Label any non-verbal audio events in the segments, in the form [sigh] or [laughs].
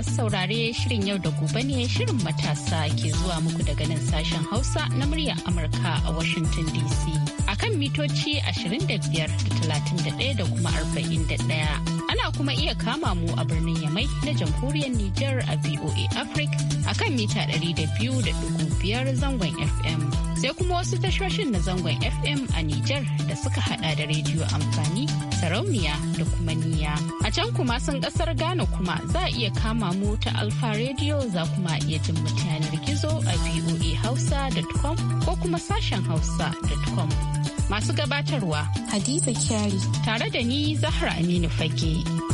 masu saurare shirin yau da gobe ne shirin matasa ke zuwa muku daga nan sashen Hausa na muryar Amurka a Washington DC. A kan mitoci 25 da 31 da kuma 41. ana kuma iya kama mu a birnin Yamai na jamhuriyar Nijar a VOA Africa a kan mita 200.5 zangon FM. Sai kuma wasu tashoshin na zangon FM a Nijar da suka hada da rediyo amfani sarauniya da kuma niya. A can kuma sun kasar Ghana kuma za a iya kama mu ta Alfa Radio za kuma iya jin yanar gizo a VOA Hausa.com ko kuma sashen Hausa.com. Masu gabatarwa Hadiza Kyari tare da ni Zahra Aminu Fage.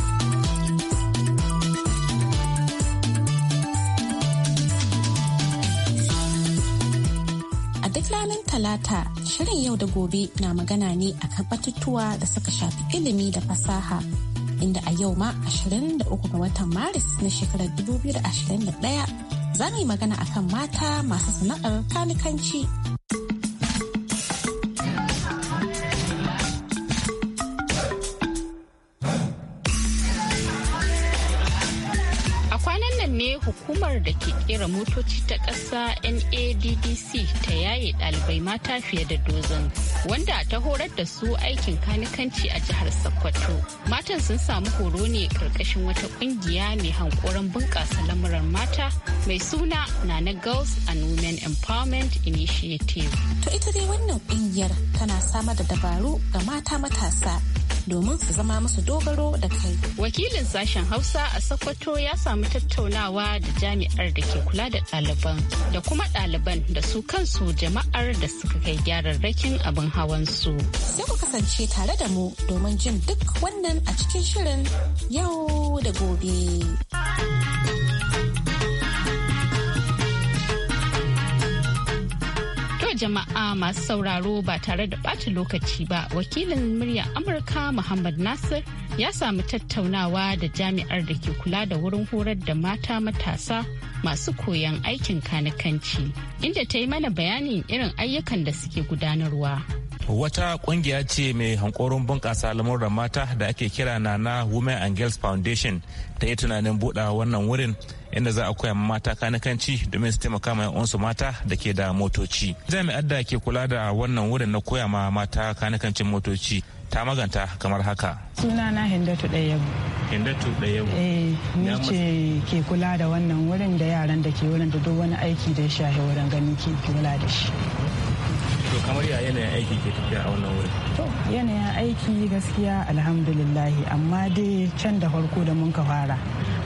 Talata shirin yau da gobe na magana ne a kan batutuwa da suka shafi ilimi da fasaha inda a yau ma 23 ga watan Maris na shekarar 2021 za mu yi magana akan mata masu sana'ar kanikanci hukumar da ke kera motoci ta ƙasa NADDC ta yaye ɗalibai mata fiye da dozin wanda ta horar da su aikin kanikanci a jihar Sokoto. Matan sun samu horo ne ƙarƙashin wata ƙungiya mai hankoron bunƙasa lamuran mata mai suna Nana Girls and Women Empowerment Initiative. To ita dai wannan ƙungiyar tana samar da dabaru ga mata matasa domin su zama musu dogaro da kai. Wakilin sashen Hausa a Sokoto ya samu tattaunawa da jami'ar da ke kula da ɗaliban da kuma ɗaliban da su kansu jama'ar da suka kai gyararrakin abin hawan su. Sai ku kasance tare da mu domin jin duk wannan a cikin shirin yau da gobe. jama'a masu sauraro ba tare da ɓata lokaci ba wakilin murya Amurka Muhammad Nasir ya samu tattaunawa da jami'ar da ke kula da wurin horar da mata matasa masu koyon aikin kanikanci inda ta yi mana bayanin irin ayyukan da suke gudanarwa. wata kungiya ce mai hankoron bunƙasa da mata da ake kira na na women and girls foundation ta yi tunanin buɗa wannan wurin inda za a koya mata kanikanci domin su taimaka ma uwansu mata da ke da motoci jami'ar da ke kula da wannan wurin na koya ma mata kanakancin motoci ta maganta kamar haka sunana hindatu ɗayyabu hindatu ɗayyabu eh ni ce ke kula da wannan wurin da yaran da ke wurin da duk wani aiki da ya shahi wurin ganin ke kula da shi to kamar ya yanayin aiki ke tafiya a wannan wurin to yanayin aiki gaskiya alhamdulillahi amma dai can da farko da mun ka fara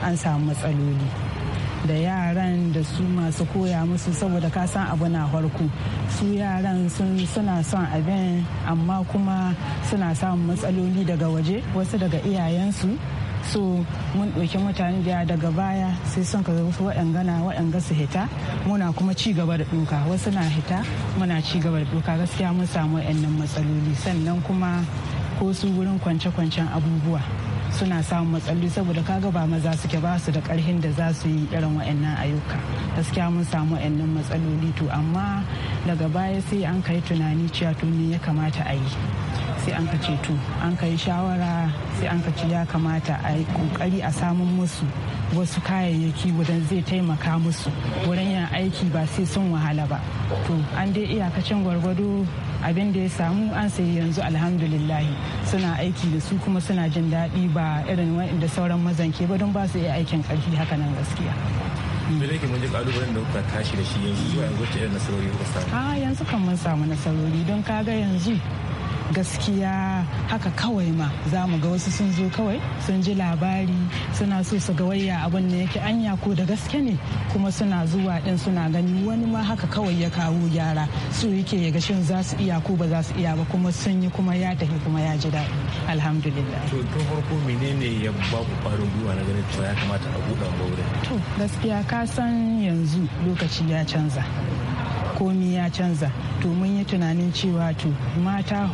an samu matsaloli da yaran da su masu koya musu saboda ka san abu na farko su yaran suna son abin amma kuma suna samun matsaloli daga waje wasu daga iyayensu so mun ɗauki mutane da daga baya sai son ka wasu waɗangana waɗanga su hita muna kuma ci gaba da ɗuka wasu na hita muna ci gaba da ɗuka gaskiya mun samu waɗannan matsaloli sannan kuma ko su wurin kwance-kwancen abubuwa suna samun matsaloli saboda kaga ba maza suke ba su da karhin da za su yi irin wa'annan ayyuka gaskiya mun samu wa'annan matsaloli to amma daga baya sai an kai tunani cewa to ya kamata a yi sai an ka to an ka shawara sai an ka ya kamata a yi kokari a samun musu wasu kayayyaki wadan zai taimaka musu wurin yin aiki ba sai sun wahala ba to an dai iyakacin gwargwado abin da ya samu an sayi yanzu alhamdulillah suna aiki da su kuma suna jin daɗi ba irin wa'inda sauran mazan ke ba don ba su iya aikin ƙarfi haka nan gaskiya mun mm. ji kalubalen da kuka tashi da shi yanzu zuwa yanzu ce irin nasarori kuka samu a ah, yanzu kan mun samu nasarori don ga yanzu gaskiya haka kawai ma za mu ga wasu sun zo kawai sun ji labari suna so su ga waya abin ne yake anya ko da gaske ne kuma suna zuwa din suna gani wani ma haka kawai ya kawo gyara su yake ya ga shin za su iya ko ba za su iya ba kuma sun yi kuma ya tafi kuma ya ji daɗi alhamdulillah to tun farko menene ya ba ku ƙwarin gwiwa na ganin cewa ya kamata a buɗe wurin to gaskiya ka san yanzu lokaci ya canza komi ya canza to mun yi tunanin cewa to mata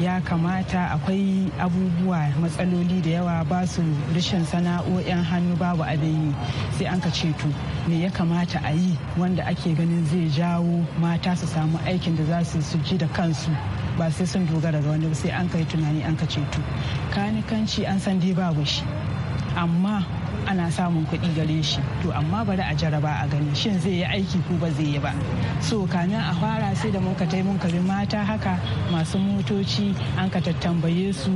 ya kamata akwai abubuwa matsaloli da yawa ba su rashin sana'o'in hannu babu abin yi sai an ka ceto me ya kamata a yi wanda ake ganin zai jawo mata su samu aikin da za su ji da kansu ba sai sun dogara ga wani sai an ka yi tunani an ka ceto kanikanci an san dai babu shi amma ana samun kuɗi gare shi to amma bari a jaraba a gani shin zai yi aiki ko ba zai yi ba so kamin a fara sai da muka tai mata haka masu motoci an ka tattambaye su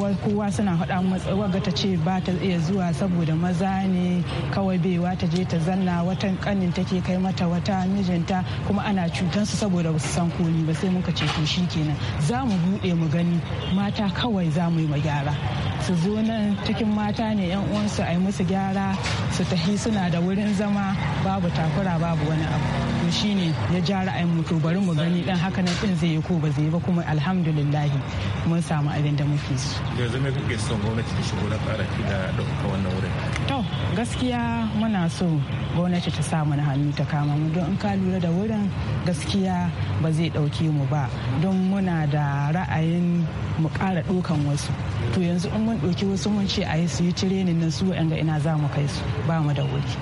wai kowa suna faɗa matsawar ga ta ce ba ta iya zuwa saboda maza ne kawai baiwa ta je ta zanna wata kanin take kai mata wata mijinta kuma ana cutar su saboda su san komi ba sai muka ce to shi kenan za mu buɗe mu gani mata kawai za mu yi ma gyara su zo nan cikin mata ne yan uwansu a yi musu gyara su tafi suna da wurin zama babu takura babu wani abu shine ya ja ra'ayin mu to bari mu gani dan haka nan din zai yi ko ba zai yi ba kuma alhamdulillah mun samu abin da muke so da me kuke son gwamnati ta shigo na ƙara da dauka wannan wurin to gaskiya muna so gwamnati ta sa mana hannu ta kama mu don in ka lura da wurin gaskiya ba zai ɗauke mu ba don muna da ra'ayin mu ƙara dokan wasu to yanzu in mun ɗauki wasu mun ce a yi su yi tirenin nan su wa'yan ina za mu kai su ba mu da wuri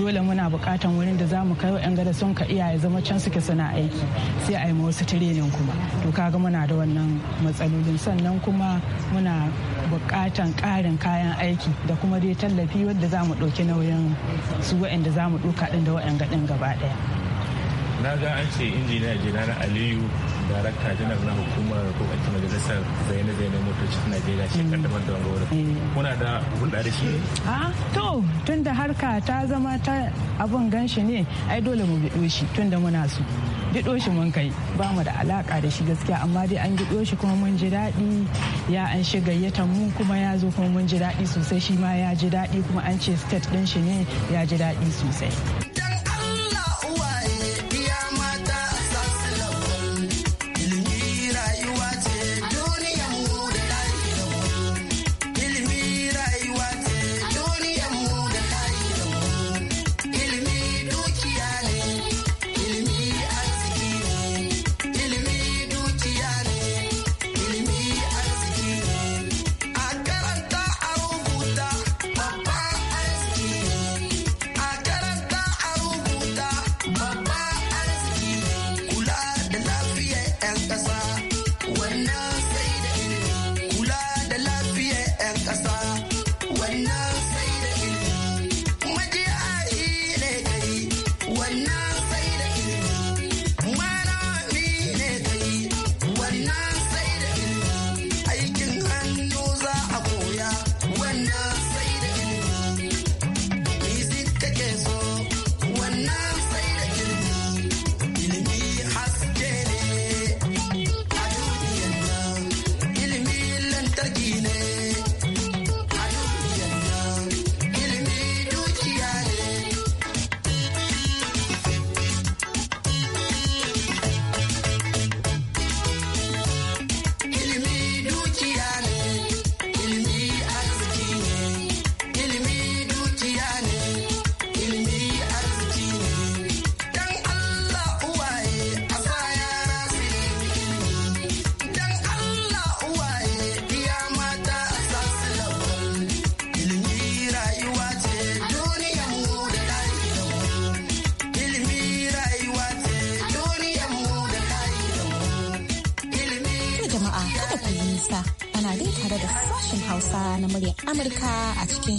dole muna buƙatan wurin da za mu kai wa'yan da sun ka iyaye zama can suke suna aiki sai a yi ma wasu tirenin kuma to kaga muna da wannan matsalolin sannan kuma muna bukatan karin kayan aiki da kuma dai tallafi wadda za mu ɗauki nauyin su wa'anda za mu ɗauka ɗin da wa'anga gaɗin gaba ɗaya na ga an ce injiniya jinana aliyu darakta janar na hukumar kokarin majalisar zaine-zaine motoci na jera shi kan da wanga wurin mm. eh. kuna da hulɗa da shi a ah, to tun da harka ta zama ta abun ganshi ne ai dole mu bi doshi tun da muna su bi doshi mun kai ba mu da alaka da shi gaskiya amma dai an bi doshi kuma mun ji daɗi ya an shi gayyata mu kuma ya zo kuma mun ji daɗi sosai shi ma ya ji daɗi kuma an ce state ɗin shi ne ya ji daɗi sosai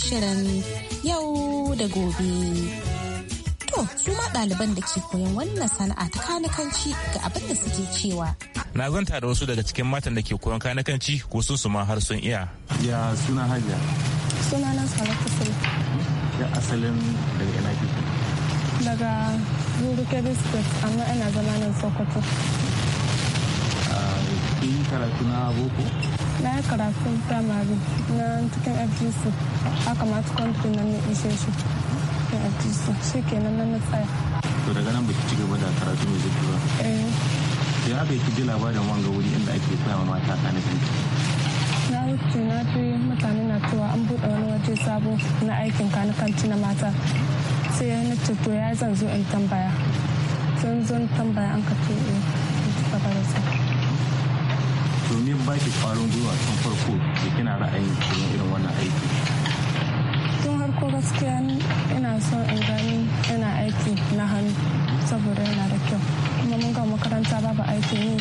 shirin yau da gobe. To, su ma ɗaliban da ke koyon wannan sana'a ta kanikanci ga abin da suke cewa. Na zanta da wasu daga cikin matan da ke koyon kanikanci ko sun su ma har sun iya. Ya suna hajiya. Suna na Salatu sai. Ya asalin daga ina kike? Daga Zuru Kebis State, amma ina zama nan Sokoto. kin yi karatu na boko na yi karatu primary na cikin fgc a kamata cikin na ne ishe shi cikin fgc shi ke nan na tsaya to daga nan baki ci gaba da karatu mai zuki ba eh ya aka yi ji labarin wanga wuri inda ake sama mata kanin tanadin na wuce na fi mutane na cewa an buɗe wani waje sabo na aikin kanikanci na mata sai na ce to ya zan zo in tambaya sun zo tambaya an ka ce eh. ne ba ki kwarin gwiwa tun farko da kina ra'ayin koyon irin wannan aiki tun harko gaskiya ina son in gani ina aiki na hannu saboda yana da kyau kuma mun ga makaranta babu aikin yi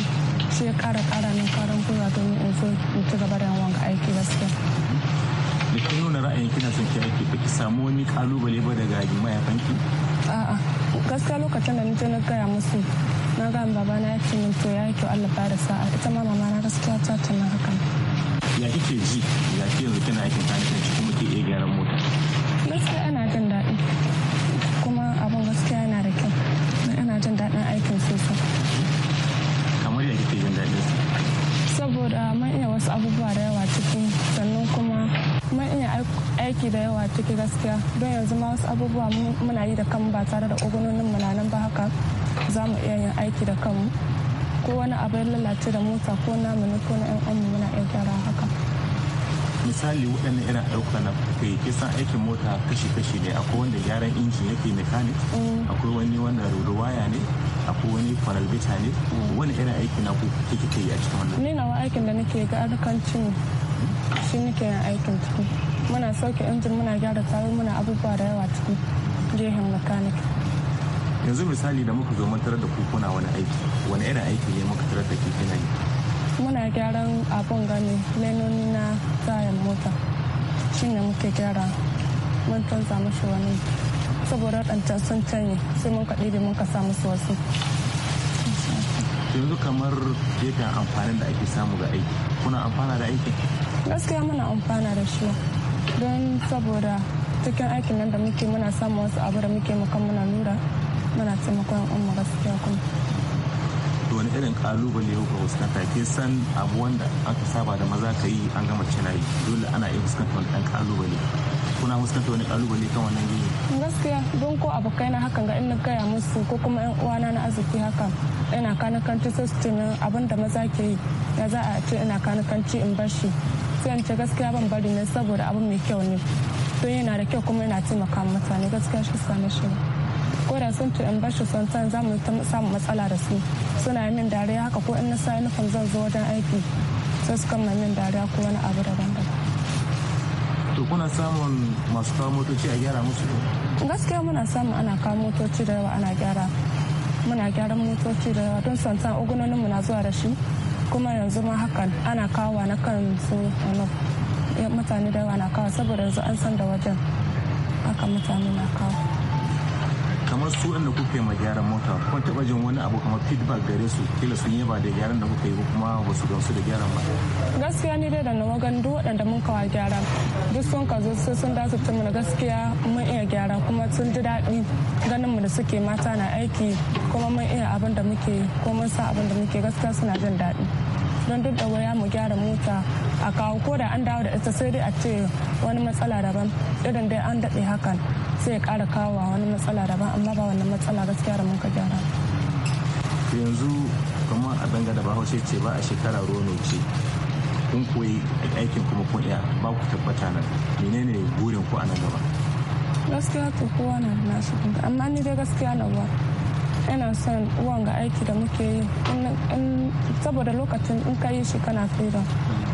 sai kara kara min kwarin gwiwa domin in zo in ci gaba da yawan aiki gaskiya da kin nuna ra'ayin kina son ki aiki ba ki samu wani kalubale ba daga mayafanki a'a gaskiya lokacin da ni na gaya musu na ga baba na ya ce to ya kyau Allah ba da sa'a ita ma mama na gaskiya ta tuna hakan ya kike ji ya ke yanzu kina aikin kanikan ki kuma ke iya gyaran mota gaskiya ana jin daɗi kuma abin gaskiya yana da kyau ana jin daɗin aikin sosai kamar ya kike jin daɗin saboda man iya wasu abubuwa da yawa ciki sannan kuma mun iya aiki da yawa ciki gaskiya don yanzu ma wasu abubuwa muna yi da kan ba tare da ogunonin mu nan ba haka za mu iya yin aiki da kanmu ko wani abu ya lalace da mota ko namuni ko na 'yan amma muna iya gyara haka misali waɗannan irin ɗaukar na kai kisan aikin mota kashi-kashi ne akwai wanda gyaran injin yake mechanic mm. akwai wani wanda waya ne akwai wani faralbita ne mm. wani irin aiki na ku kike yi a cikin wannan ni nawa aikin da nake ga arkancin shi nake yin aikin ciki muna sauke injin muna gyara tayoyi muna abubuwa da yawa ciki jihin mechanic yanzu misali da muka zo mantar da kuna wani aiki wani irin aiki ne muka tarar da ke kina yi muna gyaran abun gani lenoni na tayan mota shi ne muke gyara mun canza mashi wani saboda ɗancan sun canye sai mun kaɗi da muka samu su wasu yanzu kamar gefen amfanin da ake samu ga aiki kuna amfana da aiki gaskiya muna amfana da shi don saboda cikin aikin nan da muke muna samun wasu abu da muke muka muna lura muna taimakon umma gaskiya kuma wani irin kalubale ya kuka fuskanta ke san abu wanda aka saba da maza ka yi an gama yi dole ana iya fuskanta wani ɗan kalubale kuna fuskanta wani kalubale kan wannan gini gaskiya don ko abokai na hakan ga ina gaya musu ko kuma yan uwana na arziki haka ina kanakanci sai su abin da maza ke yi na za a ce ina kanakanci in bar shi sai in ce gaskiya ban bari ne saboda abin mai kyau ne don yana da kyau kuma yana taimaka mutane gaskiya shi same shi ko da sun in bashi sun san za mu samu matsala da su suna min dariya haka ko in na sa uniform zan zo wajen aiki sai su kama min dariya ko wani abu daban daban to kuna samun masu kawo motoci a gyara musu gaskiya muna samun ana kawo motoci da yawa ana gyara muna gyaran motoci da yawa don santan ugunonin mu na zuwa da shi kuma yanzu ma hakan ana kawo na kan su mutane da yawa na kawo saboda yanzu an san da wajen haka mutane na kawo kamar su wanda kuka yi ma gyaran mota kun taba jin wani abu kamar feedback gare su kila sun yaba da gyaran da kuka yi kuma ba su gamsu da gyaran ba gaskiya ni dai da na wagan duk waɗanda mun kawa gyara duk sun ka zo sai sun dace tun mana gaskiya mun iya gyara kuma sun ji daɗi ganin mu da suke mata na aiki kuma mun iya abin da muke ko mun sa abin da muke gaskiya suna jin daɗi don duk da waya mu gyara mota a kawo ko da an dawo da ita sai dai a ce wani matsala daban irin dai an daɗe hakan sai ƙara kawo wani matsala daban amma ba wannan matsala gaskiya da mun ka gyara yanzu kamar a danga da bahaushe ce ba a shekara ruwa ce kun koyi aikin kuma kun iya ba ku tabbata nan menene burin ku a nan gaba gaskiya to kowa na nashi amma ni dai gaskiya na ruwa ina son wanga aiki da muke yi saboda lokacin in ka yi shi kana fira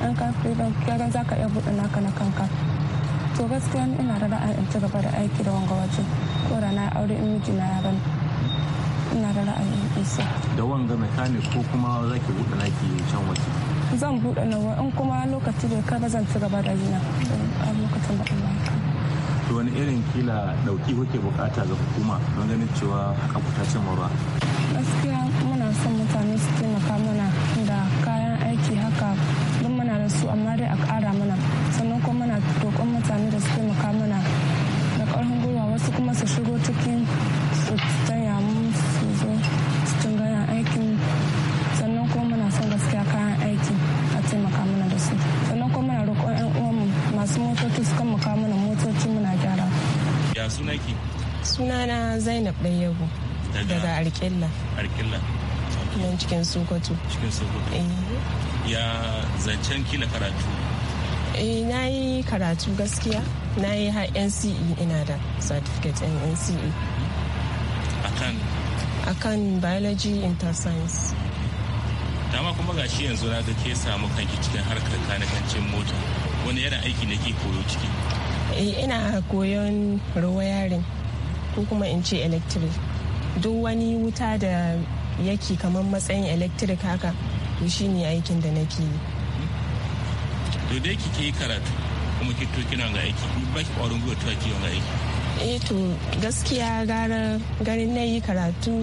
an ka fira kyaran za ka iya buɗe naka na kanka to gaskiya ina da ra'ayin in ci gaba da aiki da wanga waje ko da na aure in miji na yaran ina da ra'ayin in da wanga mechanic ko kuma za ki buɗe naki can waje zan buɗe nawa in kuma lokaci bai kai ba zan ci gaba da yi na a lokacin da ina yi. to wani irin kila dauki kuke bukata ga hukuma don ganin cewa haka kuta cin ruwa gaskiya muna son mutane su taimaka mana da kayan aiki haka don muna da su amma dai a kara mana sannan kuma muna roƙon mutane da su taimaka mana da ƙarfin gwiwa wasu kuma su shigo cikin sunana zainab ɗayyabu daga arkilla arkilla nan cikin sokoto cikin sokoto eh. ya zancen kila karatu eh na yi karatu gaskiya na yi har nce ina da certificate in nce akan akan biology interscience dama kuma ga shi yanzu na ga ke samu kanki cikin harkar kanakancin mota wani yana aiki na ke koyo ciki eh, ina koyon rawayarin ko kuma in ce electric duk wani wuta da yake kamar matsayin electric haka to shi ne aikin da nake yi to dai kike karatu kuma ki kina ga aiki ba ki ƙwarin gwiwa ta ki ga aiki eh to gaskiya gara garin na yi karatu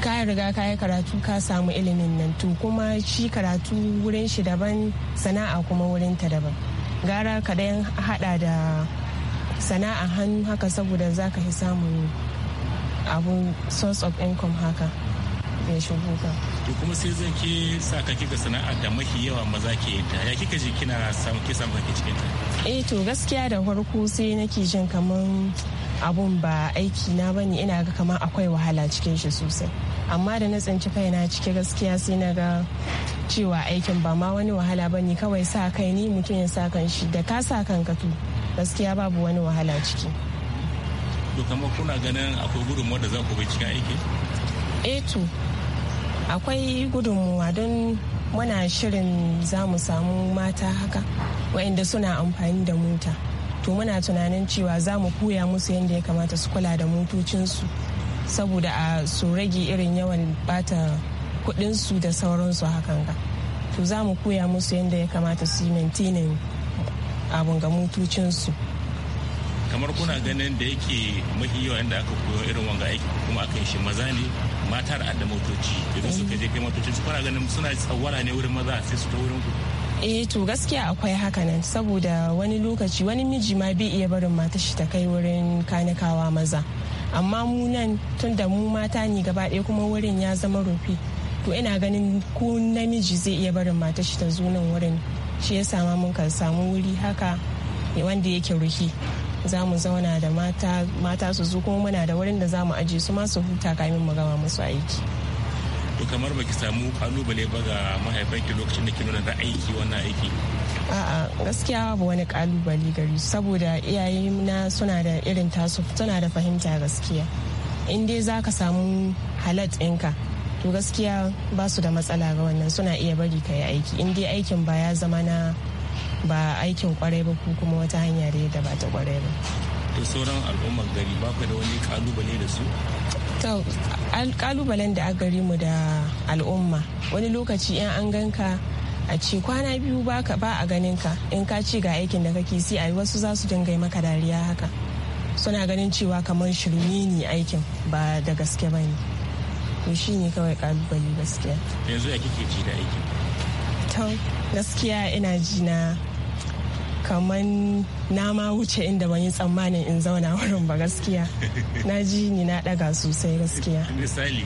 ka riga ka yi karatu ka samu ilimin nan to kuma shi karatu wurin shi daban sana'a kuma wurin ta daban gara ka hada da sana'a hannu haka saboda za ka fi samun abun source of income haka ya shigo ka. To kuma sai zan ke sa ka kika sana'a da mafi yawa maza ke yadda ya kika ji kina samu ke samu kake cikin ta. Eh to gaskiya da farko sai nake jin kaman abun ba aiki na bane ina ga kaman akwai wahala cikin shi sosai. Amma da na tsinci kaina cike gaskiya sai na ga cewa aikin ba ma wani wahala bane kawai sa kai ni mutum ya sa kan shi da ka sa kanka to gaskiya babu wani wahala ciki to kamar kuna ganin akwai gudunmu da za ku bai cikin aiki eh to akwai gudunmuwa don muna shirin za mu samu mata haka waɗanda suna amfani da mota to muna tunanin cewa za mu koya musu yadda ya kamata su kula da motocinsu saboda a su rage irin yawan bata kudinsu da sauransu hakan ga to za mu koya musu yadda ya kamata su yi maintaining abin ga mutucinsu kamar kuna ganin da yake mafi yawa inda aka koyo irin wanga aiki kuma akan shi maza ne matar adda motoci idan suka je kai motocin su kuna ganin suna tsawara ne wurin maza sai su ta wurin ku eh to gaskiya akwai haka nan saboda wani lokaci wani miji ma bai iya barin mata shi ta kai wurin kanikawa maza amma mu nan tun da mu mata ne gaba ɗaya kuma wurin ya zama rufe to ina ganin ko namiji zai iya barin mata shi ta zo nan wurin shi ya sama mun kan samu wuri haka wanda yake ruhi za mu zauna da mata mata su zo kuma muna da wurin da za mu aje su masu su huta kamin mu gama musu aiki to kamar baki samu kalubale ba ga mahaifanki lokacin da ke nuna da aiki wannan aiki a'a gaskiya babu wani kalubale gari saboda iyaye na suna da irin tasu suna da fahimta gaskiya in dai zaka samu halat ɗinka to gaskiya ba su da matsala ga wannan suna iya bari ka yi aiki in dai aikin ba ya zama na ba aikin kwarai ba ko kuma wata hanya da yadda ba ta kwarai ba to sauran al'ummar gari ba ku da wani kalubale da su to kalubalen da a gari mu da al'umma wani lokaci in an ganka a ce kwana biyu ba a ganin ka in ka ci ga aikin da kake si a wasu za su dinga maka dariya haka suna ganin cewa kamar shirme ne aikin ba da gaske ba ne to shi ne kawai kalubale gaskiya yanzu ya kike ji da aiki to gaskiya ina ji na kaman na ma wuce inda ban yi tsammanin in zauna [laughs] wurin ba gaskiya na ji ni na daga sosai gaskiya misali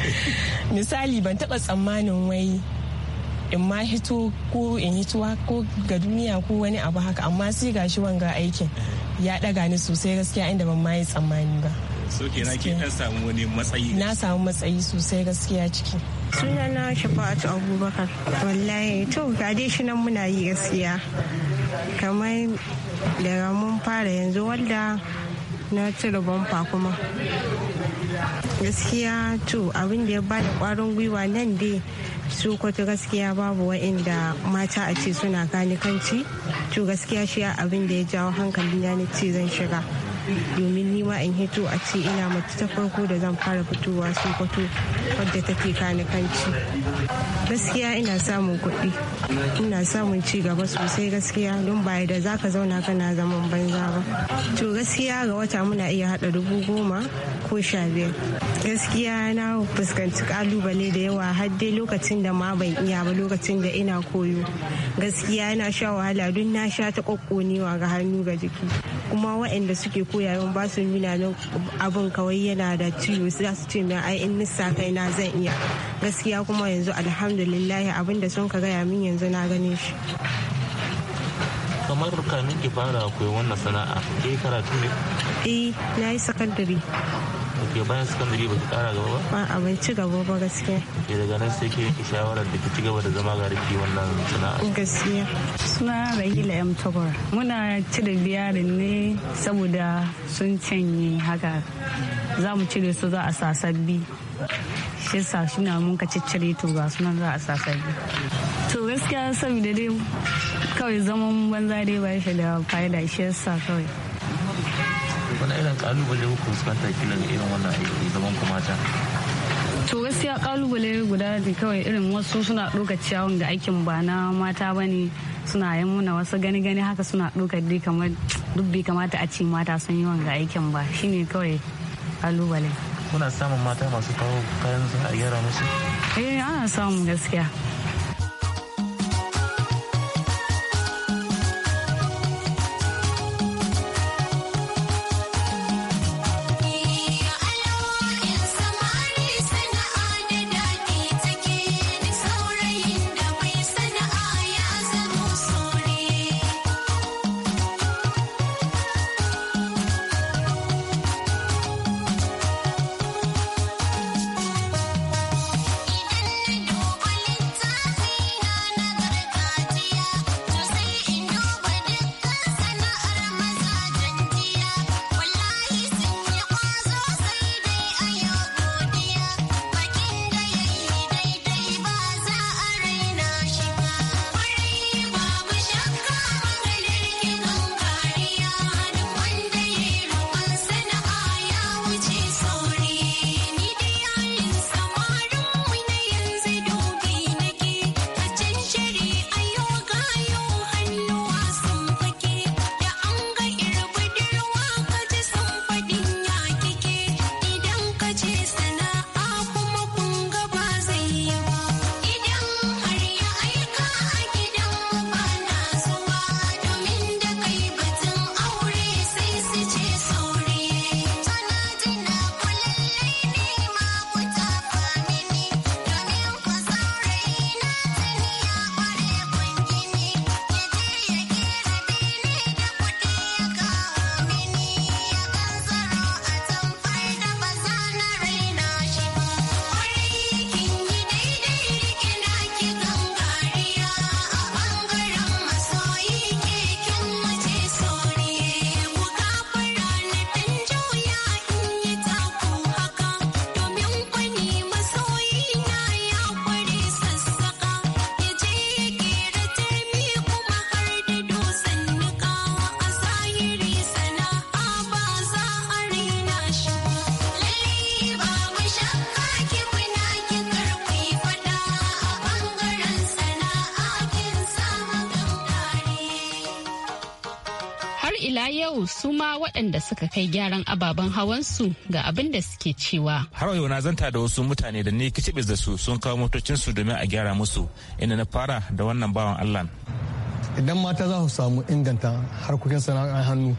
[laughs] misali ban taba tsammanin wai in ma hito ko in hituwa ko ga duniya ko wani abu haka amma sai gashi wanga aikin ya daga ni sosai gaskiya inda ban ma yi tsammani ba so na ke samu wani matsayi na samu matsayi sosai gaskiya ciki suna na shafa'atu abubakar wallahi to ga dai shi nan muna yi gaskiya kamar daga mun fara yanzu wanda na cire bamfa kuma gaskiya to abin da ya bada kwarin gwiwa nan dai su kwata gaskiya babu wa'inda mata a ce suna gani kanci to gaskiya shi abin da ya jawo hankali na ce zan shiga domin nima in hito a ce ina mace ta farko da zan fara fitowa sokoto wadda take kanikanci gaskiya ina samun kuɗi ina samun ci gaba sosai gaskiya don baya da za ka zauna kana zaman banza ba to gaskiya ga wata muna iya haɗa dubu goma ko sha biyar gaskiya na fuskanci kalubale da yawa har dai lokacin da ma ban iya ba lokacin da ina koyo gaskiya na sha wahala don na sha ta kokkonewa ga hannu ga jiki kuma waɗanda suke koyayen ba su nuna abin kawai yana da ciwo za su ce min ai in nissa kai na zan iya gaskiya kuma yanzu alhamdulillah abin da sun ka gaya min yanzu na gane shi kamar kamin ki fara koyo wannan sana'a ke karatu ne eh na yi sakandare ok bayan da ba ki kara gaba ba a bai ci gaba ba gaskiya ke daga nan sai ke yanke shawarar da ki ci gaba da zama ga rufi wannan sana'a gaskiya suna rahila yam tabar muna cire biyarin ne saboda sun canye haka za mu cire su za a sa sabbi shi sa shi na mun ka ciccire to ga sunan za a sa sabbi to gaskiya saboda dai kawai zaman banza dai ba shi da fa'ida shi yasa kawai wani irin kalubale ku fuskanta kila ga irin wannan aiki zaman ku mata to gaskiya kalubale guda da kawai irin wasu suna ɗoka ciyawan ga aikin ba na mata ba ne suna yin muna wasu gani gani haka suna ɗoka dai kamar duk bai kamata a ce mata sun yi wanga aikin ba shine kawai kalubale kuna samun mata masu kawo kayan a gyara musu eh ana samun gaskiya yau su ma waɗanda suka kai gyaran ababen hawansu ga abin da suke cewa. Har yau na zanta da wasu mutane da ni kicibis da su sun kawo motocinsu domin a gyara musu inda na fara da wannan bawan Allah. Idan mata za su samu inganta harkokin sana'ar hannu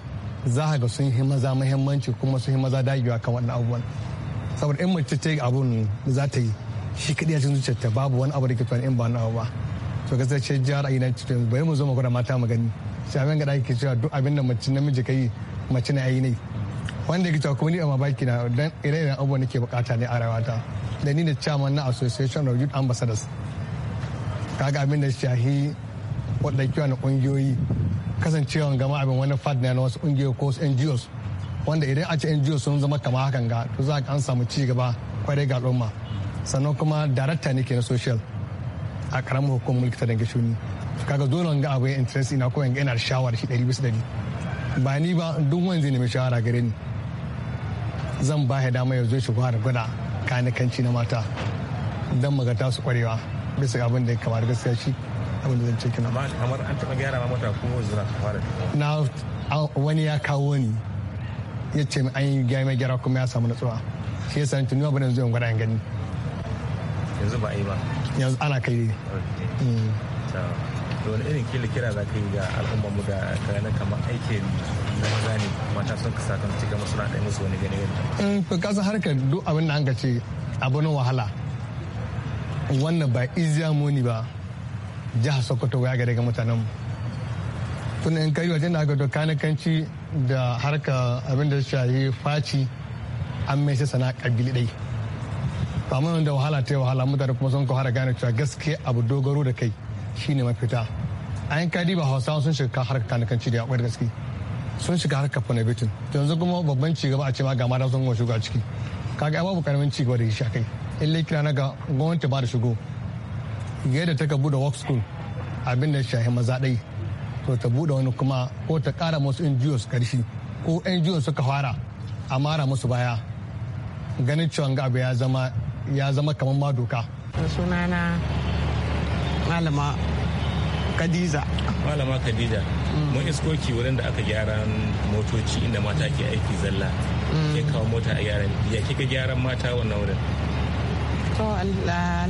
za ga sun yi maza muhimmanci kuma sun yi maza dagewa kan wannan abubuwan. Saboda in mace ta ce abun za ta yi shi kaɗai a cikin zuciyarta babu wani abu da ke in ba na abu ba. To gaskiya ce jihar a yi na mu zo mu gwada mata mu gani. abin gada ke cewa duk abin da mace namiji ka yi mace na yi ne wanda ya cewa kuma ni a mabaki na don ire-iren abubuwan da ke bukata ne a rayuwata da ni da chairman na association of youth ambassadors kaga abin da shahi wadda kiwa na kungiyoyi kasancewa gama abin wani fad na wasu kungiyoyi ko ngos wanda idan a ce ngos sun zama kama hakan ga to za an samu ci gaba kwarai ga al'umma sannan kuma darakta ne ke na social a karamin hukumar mulki ta dangashuni shuni kaga dole ga abu ya interest ina ko in da shawara shi ɗari bisa 100 ba ni ba duk wanzu ne mai shawara gare ni zan ba ya dama ya zo shi fara gwada kanikanci na mata don magata su kwarewa bisa abin da ya kamar gaskiya shi abin da zan ce kina kamar an taɓa gyara ma mata ko zura ta fara na wani ya kawo ni ya ce an yi gyara gyara kuma ya samu natsuwa shi ya san tunuwa bane zuwa gwada gani yanzu ba a yi ba yanzu ana kai ne da wani irin kila kira za ka yi ga al'umma mu da kana kamar aikin na maza ne mata sun kasa kan cika masu na ɗaya musu wani gani gani. in eh, ka kasa harkar duk abin da an ka ce abu na wahala wannan ba iziya moni ba jihar sokoto ya gare ga mutanen mu tun in kai wajen da aka to na kanci da harka abin da shayi faci an mai sai sana'a kabili dai ba da wahala ta wahala mutane kuma sun kawara gane cewa gaske abu dogaro da kai shine mafita a ka kadi ba hausawa sun shiga harkar kanakanci da yakwai gaske sun shiga harka harkar fanabitin yanzu kuma babban cigaba a ce ma ga mata sun goma shuga ciki kaga babu karamin gaba da shi kai in kira na ga gwamnati ba da shigo yadda ta ka buɗe work school abin da shahi maza ɗai to ta bude wani kuma ko ta kara musu NGOs karshi ko NGOs suka fara a mara musu baya ganin cewa abu ya zama kamar ma doka sunana malama kadiza malama kadiza mun mm. iskoki wurin da aka gyara motoci inda mata ke aiki zalla ke mm. kawo mota a gyara, ya kika gyaran mata wannan wurin to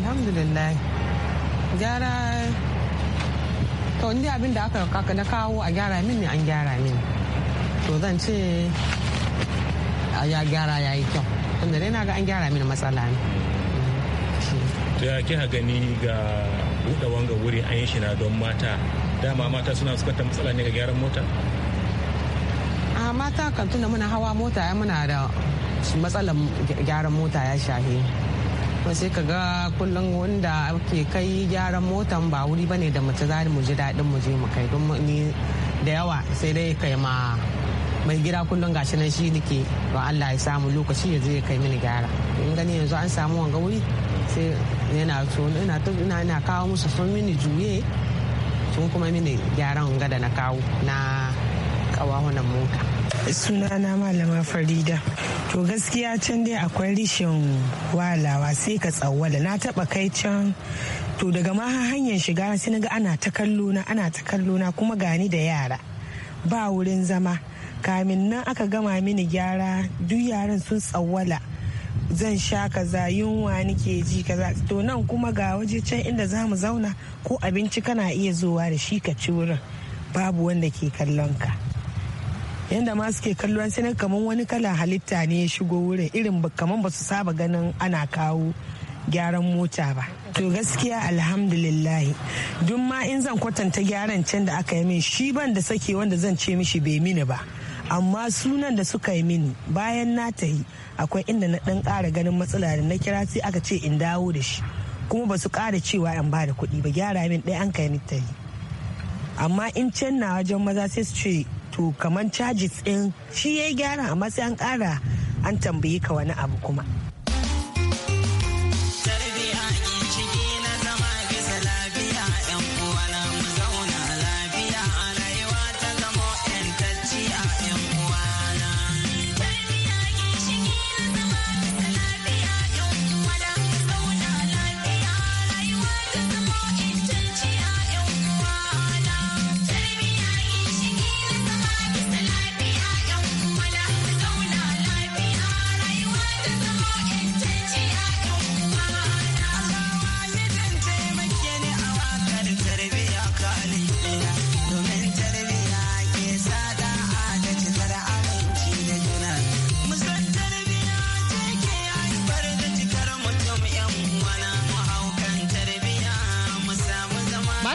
alhamdulillah gyara to inda abin da aka kaka na kawo a gyara min ne an gyara min to zan ce a ya gyara ya yi kyau tunda dai na ga an gyara min matsala ne to ya ha gani ga buɗe wanga wuri an yi shi na don mata dama mata suna suka matsala ne ga gyaran mota a mata kan tuna muna hawa mota ya muna da matsalan gyaran mota ya shahe kuma sai ka ga kullum wanda ke kai gyaran motan ba wuri bane da mace za mu ji daɗin mu je mu kai don ni da yawa sai dai kai ma mai gida kullum gashi nan shi nake ba Allah ya samu lokaci ya zai kai mini gyara in gani yanzu an samu wanga wuri sai yana so ina ina ina kawo musu sun mini juye sun kuma mini gyaran wanga da na kawo na kawahunan mota sunana malama farida to gaskiya can dai akwai rishin walawa sai ka tsawwala na taba kai can to daga ma hanyar shiga sai ga ana ta kallo ana ta kallo kuma gani da yara ba wurin zama kamin nan aka gama mini gyara duk yaran sun tsawwala zan sha kaza yunwa nike ji kaza to nan kuma ga waje can inda za mu zauna ko abinci kana iya zuwa da shi ka ci wurin babu wanda ke kallon ka yadda ma suke kallon sai kamar wani kalan halitta ne ya shigo wurin irin kamar ba su saba ganin ana kawo gyaran mota ba to gaskiya alhamdulillahi duk ma in zan kwatanta gyaran can da aka yi min shi ban da sake wanda zan ce mishi bai mini ba amma sunan da suka yi mini bayan na ta yi akwai inda na dan kara ganin matsala da na kira sai aka ce in dawo da shi kuma ba su kara cewa in ba da kuɗi ba gyara min ɗaya an kai ni ta yi amma in can na wajen maza sai su ce to kamar charges ɗin shi ya yi gyara amma sai an kara an tambayi ka wani abu kuma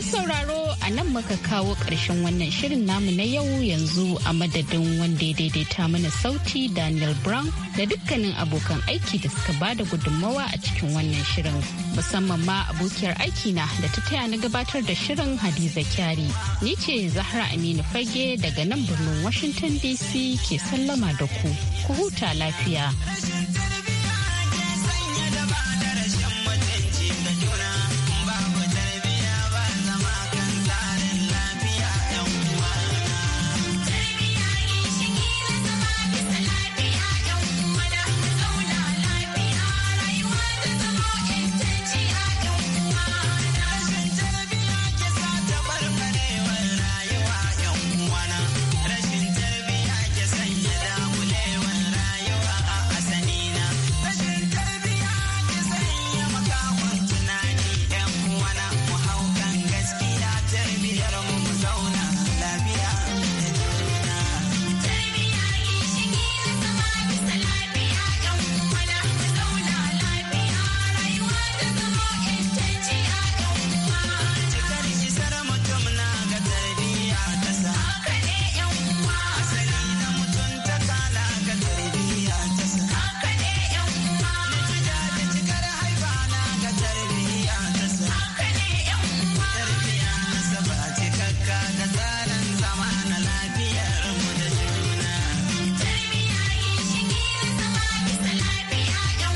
sauraro a nan muka kawo ƙarshen wannan shirin namu na yau yanzu a madadin wanda ya daidaita mana sauti Daniel Brown da dukkanin abokan aiki da suka ba da gudunmawa a cikin wannan shirin. Musamman ma abokiyar aiki na da ta taya na gabatar da shirin Hadiza Kyari. Ni ce Zahra Aminu Fage daga nan birnin Washington DC ke sallama da ku. Ku huta lafiya.